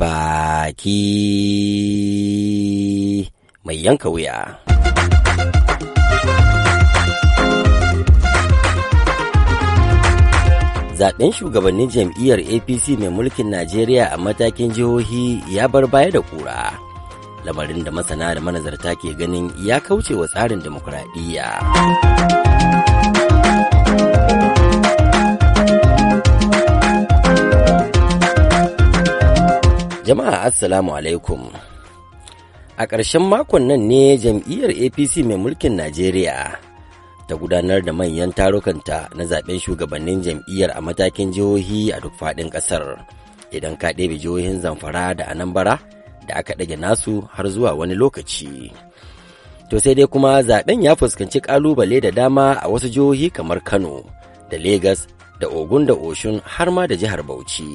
baki mai yanka wuya. Zaɓen shugabannin jam'iyyar APC mai mulkin Najeriya a matakin jihohi ya bar baya da kura. Lamarin da masana da manazarta ke ganin ya kauce wa tsarin demokuraɗiyya. Jama'a Assalamu alaikum. A ƙarshen makon nan ne jam'iyyar APC mai mulkin Najeriya ta gudanar da manyan tarukanta na zaɓen shugabannin jam'iyyar a matakin jihohi a duk faɗin ƙasar. Idan ka ɗebe jihohin zamfara da anambara da aka ɗage nasu har zuwa wani lokaci. To sai dai kuma zaɓen ya fuskanci ƙalubale da dama a wasu jihohi kamar Kano da Legas da Ogun da Oshun har ma da jihar Bauchi.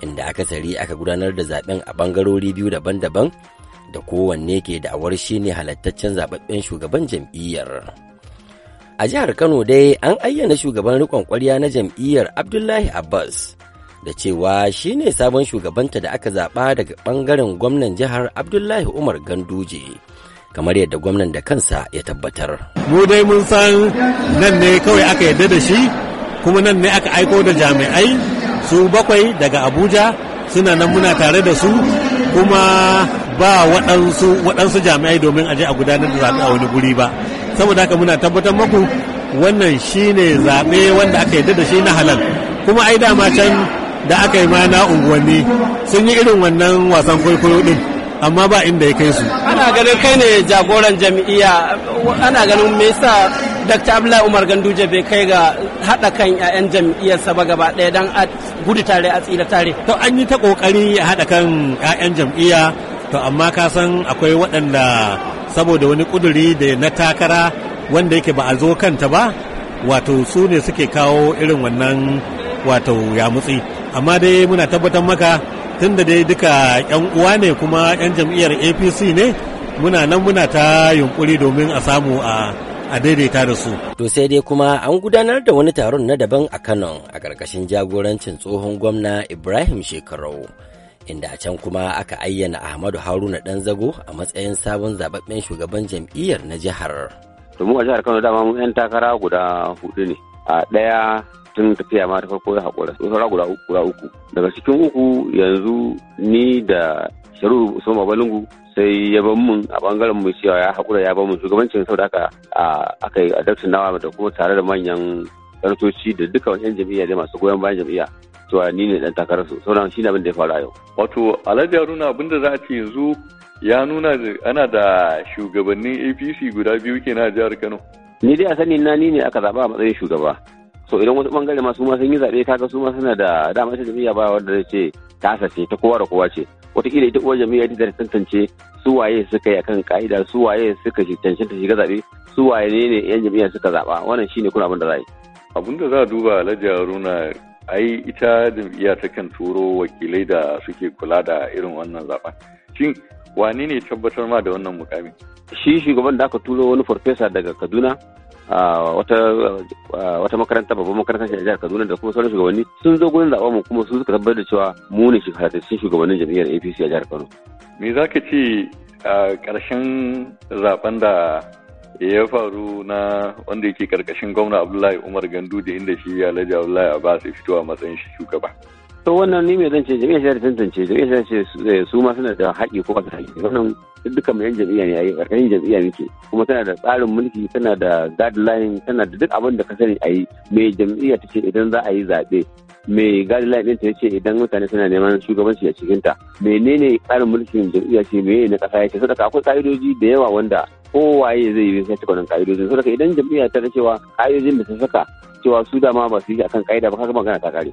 inda akasari aka gudanar da zaben a bangarori biyu daban-daban da kowanne ke da'awar shi ne halattaccen zababben shugaban jam'iyyar. A jihar Kano dai an ayyana shugaban rikon kwarya na jam'iyyar Abdullahi Abbas da cewa shi ne sabon shugabanta da aka zaɓa daga ɓangaren gwamnan jihar Abdullahi Umar Ganduje. kamar yadda gwamnan da kansa ya tabbatar. Mu dai mun san nan ne kawai aka yadda da shi kuma nan ne aka aiko da jami'ai su bakwai daga abuja suna nan muna tare da su kuma ba waɗansu waɗansu jami'ai domin a je a gudanar da zaɓe a wani guri ba saboda haka muna tabbatar maku wannan shine zaɓe wanda aka yi da shi na halal kuma ai dama can da aka yi ma na unguwanni sun yi irin wannan wasan kwaikwayo din amma ba inda ya kai su ana ganin kai ne jagoran jami'iya ana ganin me yasa Dr. Abdullahi Umar Ganduje bai kai ga haɗa kan 'ya'yan jam'iyyarsa ba gaba ɗaya don a gudu tare a tsira tare. To an yi ta ƙoƙari a haɗa kan 'ya'yan jam'iyya to amma ka san akwai waɗanda saboda wani ƙuduri da na takara wanda yake ba a zo kanta ba wato su ne suke kawo irin wannan wato yamutsi amma dai muna tabbatar maka tun da dai duka 'yan uwa ne kuma 'yan jam'iyyar apc ne muna nan muna ta yunkuri domin a samu a a daidaita da su. To sai dai kuma an gudanar da wani taron na daban a Kano a ƙarƙashin jagorancin tsohon gwamna Ibrahim Shekarau. Inda a can kuma aka ayyana Ahmadu Haruna ɗan zago a matsayin sabon zababben shugaban jam'iyyar na jihar. Domin a jihar Kano dama mun 'yan takara guda hudu ne. A ɗaya tun tafiya ma ta farko ya haƙura. Sauran guda uku. Daga cikin uku yanzu ni da shiru usman babalungu sai ya ban mun a bangaren mu cewa ya haƙura ya ban mun shugabancin saboda haka aka yi adaptin nawa da kuma tare da manyan kartoci da duka 'yan jam'iyya da masu goyon bayan jam'iyya cewa ni ne dan takarar su saboda shi ne abin da ya faru a yau. wato alhaji haruna abinda da za a ce yanzu ya nuna da ana da shugabannin apc guda biyu kenan a jihar kano. ni dai a sani na ni ne aka zaɓa a matsayin shugaba so idan wasu bangare masu ma sun yi zaɓe kaga su ma suna da dama ta jam'iyya ba wanda zai ce tasa ce ta kowa da kowa ce wataƙila ita uwar jam'iyya ta tantance su waye suka yi kan ka'ida su waye suka cancanta shiga zaɓe su waye ne yan jami'a suka zaɓa wannan shine kuna abin da za yi. abin da za a duba alhaji haruna ai ita jami'a ta kan turo wakilai da suke kula da irin wannan zaɓen shin wane ne tabbatar ma da wannan mukamin? shi shugaban da aka turo wani farfesa daga kaduna wata wata makaranta babban makaranta a jihar Kaduna da kuma sauran shugabanni sun zo gurin zaɓen mu kuma sun suka tabbatar da cewa mu ne sun shugabannin jam'iyyar APC a jihar Kano. Me za ka ce a ƙarshen zaben da ya faru na wanda yake ƙarƙashin gwamna Abdullahi Umar Gandu da inda shi ya Alhaji Abdullahi Abbas ya fito a matsayin shi shugaba. to wannan ni me zan ce jami'a shari'a tantance jami'a shari'a su ma suna da haƙi ko ba haƙi wannan dukkan mai yan jami'a ne ayi ƙarƙashin jami'a muke kuma tana da tsarin mulki tana da guideline tana da duk abin da ka sani ayi mai jami'a ta ce idan za a yi zaɓe mai guideline ɗinta ya ce idan mutane suna neman shugabanci a cikinta menene tsarin mulkin jami'a ce meye na ƙasa ya ce saboda akwai ƙa'idoji da yawa wanda kowaye zai yi sai cika wannan ƙa'idojin saboda idan jami'a ta ce cewa ƙa'idojin da ta saka cewa su dama ba su yi akan ƙa'ida ba kaga magana ta kare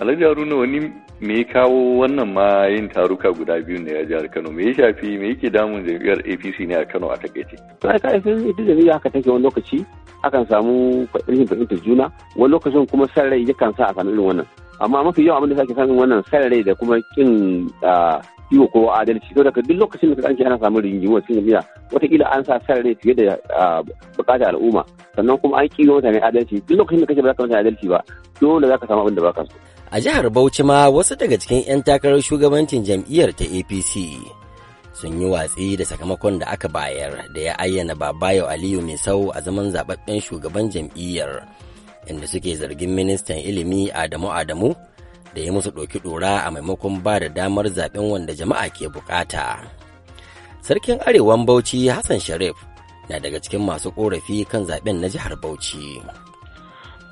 Alhaji Haruna wani me ya kawo wannan ma yin taruka guda biyu ne a jihar Kano me ya shafi me yake damun jam'iyyar APC ne a Kano a takaice. To aika a sun ita jam'iyya haka take wani lokaci akan samu rashin fahimtar juna wani lokacin kuma san rai yakan sa a samu irin wannan amma mafi yawa abin da sake samun wannan san rai da kuma kin ah, yi wa kowa adalci to daga duk lokacin da ka kanci ana samun rigingimu cikin jam'iyya wataƙila an sa san rai fiye da ah, buƙatar al'umma sannan kuma an kiwo mutane adalci duk lokacin da kake ba za ka mutane adalci ba dole za ka samu abin da ba ka so. a jihar Bauchi ma wasu daga cikin 'yan takarar shugabancin jam'iyyar ta APC sun yi watsi da sakamakon da aka bayar da ya ayyana Babayo Aliyu Misau a zaman zababben shugaban jam'iyyar inda suke zargin ministan ilimi Adamu Adamu da ya musu ɗoki ɗora a maimakon ba da damar zaɓen wanda jama'a ke bukata. Sarkin Arewan Bauchi Hassan Sharif na daga cikin masu ƙorafi kan zaɓen na jihar Bauchi.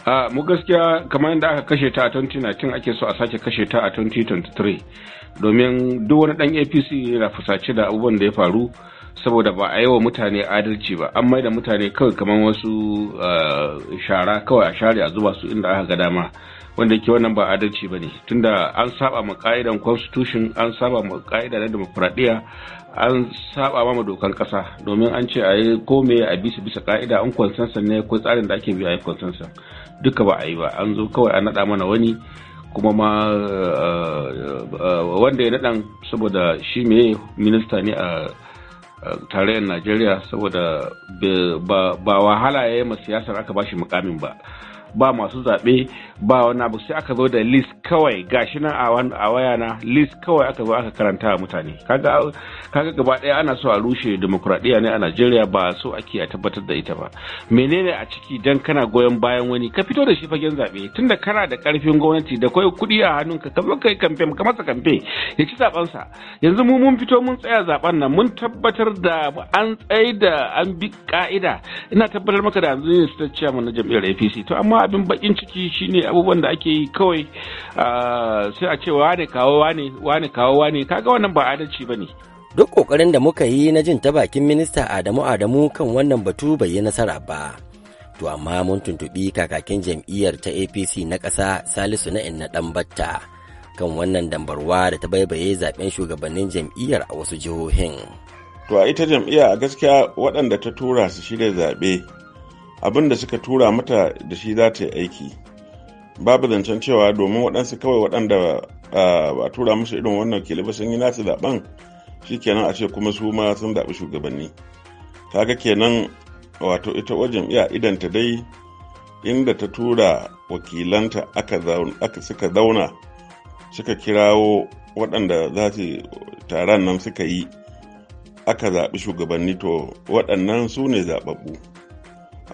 a mu gaskiya kamar yadda aka kashe ta a 2019 ake so a sake kashe ta a 2023 domin duk wani dan apc yana fusace da abubuwan da ya faru saboda ba a yi wa mutane adalci ba an maida mutane kawai kamar wasu eh, shara kawai a share a zuba su inda aka ga dama wanda ke wannan ba adalci ba ne tunda an saba ma ka'idan constitution an saba ma ka'ida na demokuraɗiyya an saba ma dokan ƙasa domin an ce a yi kome a bisa bisa ka'ida an kwansansa ne ko tsarin da ake biya a yi kwansansa duka ba a yi ba an zo kawai an naɗa mana wani kuma ma eh, eh, eh, wanda ya naɗan saboda shi me minista ne a tarayyar najeriya saboda ba wahala ya yi ma siyasar aka bashi mukamin ba ba masu zaɓe ba wani abu sai aka zo da list kawai gashi nan a waya na list kawai aka zo aka karanta wa mutane kaga kaga gaba ɗaya ana so a rushe demokuraɗiyya ne a Najeriya ba so ake a tabbatar da ita ba menene a ciki dan kana goyon bayan wani ka fito da shi fagen zaɓe tunda kana da ƙarfin gwamnati da kwai kuɗi a hannunka ka zo kai kamfe ka masa kamfe ya ci zaben yanzu mu mun fito mun tsaya zaben nan mun tabbatar da an tsaye da an bi ka'ida ina tabbatar maka da yanzu ne su ta ciyar na jam'iyyar APC to amma abin bakin ciki shine abubuwan da ake yi kawai sai a ce wane kawo wane wane kawo wane kaga wannan ba adalci ba ne duk kokarin da muka yi na jin ta bakin minista adamu adamu kan wannan batu bai yi nasara ba to amma mun tuntuɓi kakakin jam'iyyar ta apc na ƙasa salisu na inna ɗan batta kan wannan dambarwa da ta baibaye zaben shugabannin jam'iyyar a wasu jihohin to a ita jam'iyya a gaskiya waɗanda ta tura su shirya zaɓe abin da suka tura mata da shi za ta yi aiki babu zancen cewa domin waɗansu kawai waɗanda ba tura musu irin wannan kiliba sun yi nasu zaɓen shi kenan a ce kuma su ma sun zaɓi shugabanni kaga kenan wato ita wajen iya idanta dai inda ta tura wakilanta aka suka zauna suka kirawo waɗanda za su taron nan suka yi aka zaɓi shugabanni to waɗannan su ne zaɓaɓɓu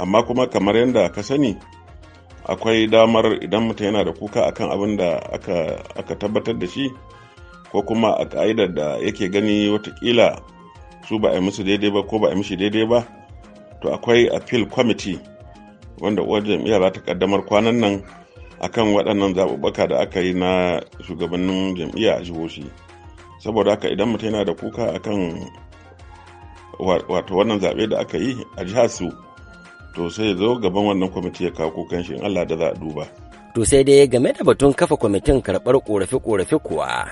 amma kuma kamar yadda ka sani akwai damar idan mutum yana da kuka akan abin da aka tabbatar da shi ko kuma a ka'idar da yake gani watakila su ba a yi musu daidai ba ko ba a yi mishi daidai ba to akwai appeal committee wanda uwar jam'iyya za ta kaddamar kwanan nan akan waɗannan zaɓuɓɓuka da aka yi na shugabannin jam'iyya a jihohi saboda haka idan mutum yana da kuka akan wato wannan zaɓe da aka yi a jihar su to sai zo gaban wannan kwamiti ya kawo kukan shi in Allah da za a duba to sai dai game da batun kafa kwamitin karɓar korafe-korafe kuwa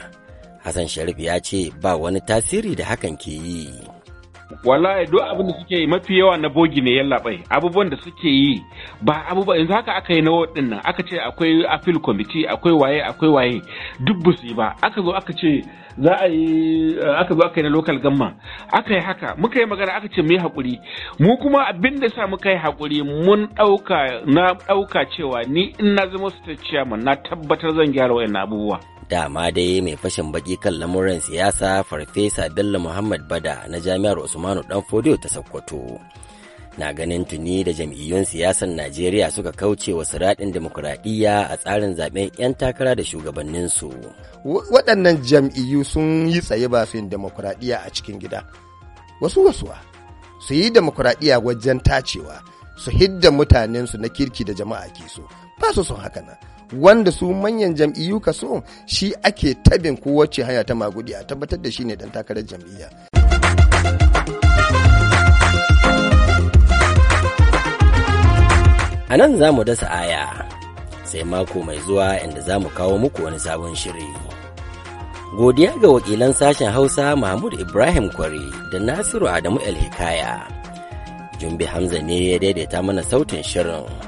Hassan Sharif ya ce ba wani tasiri da hakan ke yi. wallahi duk abin da suke yi mafi yawa na bogi ne yalla bai abubuwan da suke yi ba abubuwa yanzu haka aka yi na wadin nan aka ce akwai appeal committee akwai waye akwai waye duk ba su yi ba aka zo aka ce za a yi eh, aka zo aka yi na local gamma aka yi haka muka yi magana aka ce mu yi hakuri mu kuma abin da sa muka yi hakuri mun ɗauka na ɗauka cewa ni in na zama state chairman na tabbatar zan gyara wayannan abubuwa dama dai mai fashin baki kan lamuran siyasa farfesa bello muhammad bada na jami'ar usmanu danfodiyo ta sokoto na ganin tuni da jam'iyyun siyasar najeriya suka kauce wa siraɗin demokuraɗiyya a tsarin zaben 'yan takara da shugabanninsu waɗannan jam'iyyu sun yi tsaye yin demokuraɗiyya a cikin gida wasu wasu su yi demokuraɗiyya wajen tacewa su hidda mutanensu na kirki da jama'a ke so ba su son haka nan wanda su manyan jam'iyyu ka so shi ake tabin kowace haya ta magudi a tabbatar da shi ne dan takarar jam'iyya. A nan za mu dasa aya sai mako mai zuwa inda za mu kawo muku wani sabon shiri. Godiya ga wakilan sashen Hausa Mahmud Ibrahim Kwari da Nasiru Adamu El Hikaya. Jumbi Hamza ne ya daidaita mana sautin shirin.